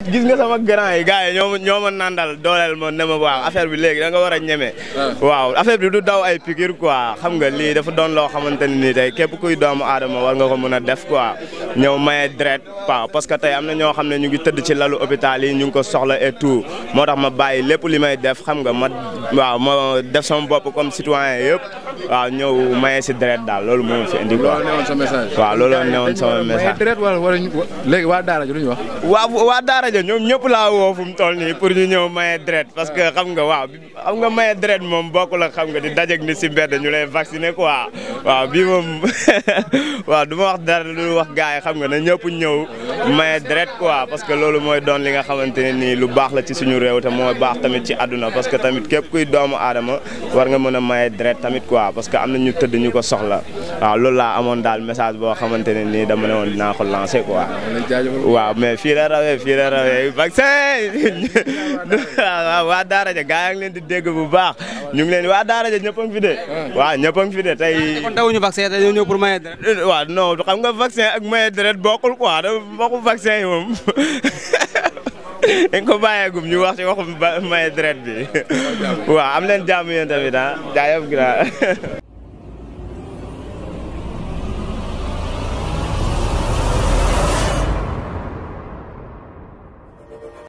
gis nga sama grand yi gars yi ñoo ma ñoo ma nandal dooleel ma ne ma waaw affaire bi léegi da war a ñeme. Ah. waaw affaire bi du daw ay piqûre quoi xam nga lii dafa doon loo xamante ne nii tey képp kuy doomu aadama war nga ko mën a def quoi ñëw maye deret waaw parce que tey am na ñoo xam ne ñu ngi tëdd ci lalu hôpital yi ñu ngi ko soxla et tout moo tax ma bàyyi lépp li may def xam nga ma waaw ma def sama bopp comme citoyen yëpp waaw ñëw maye si deret daal loolu moo fi indi quoi. waaw loolu newoon sama message. waaw loolu newoon sama message. maye deret wala wala léegi rajo ñoom ñëpp laa woo fu mu toll nii pour ñu ñëw maye deret parce que xam nga waaw xam nga maye deret moom bokk la xam nga di dajeg nah, ni si mbedd ñu lay vacciner quoi waaw bii moom waaw du ma wax dara lu wax gars xam nga na ñëpp ñëw maye deret quoi parce que loolu mooy doon li nga xamante ne nii lu baax la ci suñu réew te mooy baax tamit ci àdduna parce que tamit képp kuy doomu aadama oh, war nga mën a maye tamit quoi parce que am ñu tëdd ñu soxla waaw loolu laa amoon daal message boo xamante ne dama ne woon ko lancer quoi waaw mais la la vaccin waaw waa daara ja gaa ngi leen di dégg bu baax ñu ngi leen waa daara ja ñëpp a ngi fi de waaw ñëpp a ngi fi de tey kon dawuñu vaccin tey ñëw pour maye deret eh, nga vaccin ak maye deret bokkul quoi da bokkul vaccin yi moom dañ ko bàyyeegum ñu wax ci waxu maye deret bi waaw am leen jàmm yéen tamit ah jaayëf gra